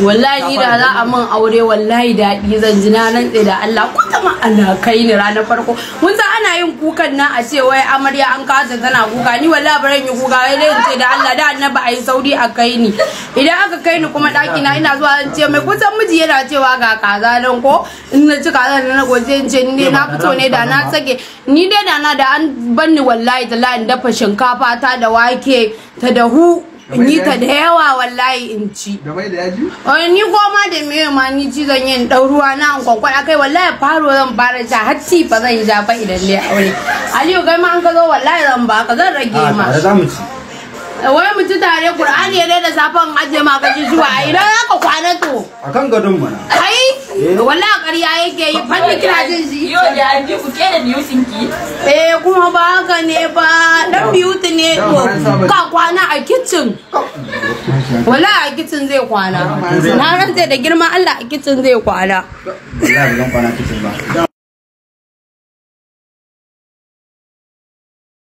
wallahi ni da za a min aure wallahi daɗi zan ji na rantse da Allah ko ta ma Allah kai ni ranar farko mun san ana yin kukan na a ce wai amarya an kasa tana kuka ni wallahi baran yi kuka wai dai ce da Allah da annabi ayi sauri a kai ni idan aka kai ni kuma daki na ina zuwa zan ce mai kusan miji yana cewa ga kaza nan ko in na ci kaza na goje in ce ni na fito ne da na sake ni dai da na da an banni wallahi da la'in dafa shinkafa ta da wake ta dahu ni ta da yawa wallahi in ci da mai da yaji oh ni goma da me ma ni ji zan yi dau na an kwakwada akai wallahi faro zan fara ja har ci ba zan ja ba idan ne aure aliyu kai ma an ka zo wallahi zan ba ka zan rage ah, ma a za mu ci wai mu ci tare qur'ani ne da safan aje ma ka ji zuwa idan ka kwana to akan gadon mana Eh? Wallah ƙarya yake yi fanni kira jin shi. da an ji ku kera ki. Eh kuma ba haka ne ba dan biyuti ne to ka kwana a kitchen. Wallah a kitchen zai kwana. Na zai da girma Allah a kitchen zai kwana. kwana kitchen ba.